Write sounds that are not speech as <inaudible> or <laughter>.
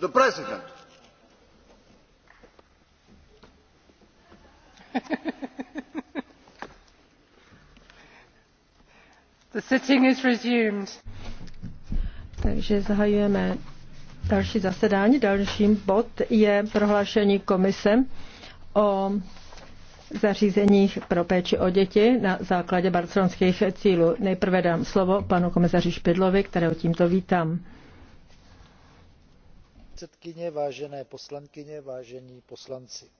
the president. <laughs> the sitting is resumed. Takže zahajujeme další zasedání. Dalším bod je prohlášení komise o zařízeních pro péči o děti na základě barcelonských cílů. Nejprve dám slovo panu komisaři Špidlovi, kterého tímto vítám předsedkyně vážené poslankyně vážení poslanci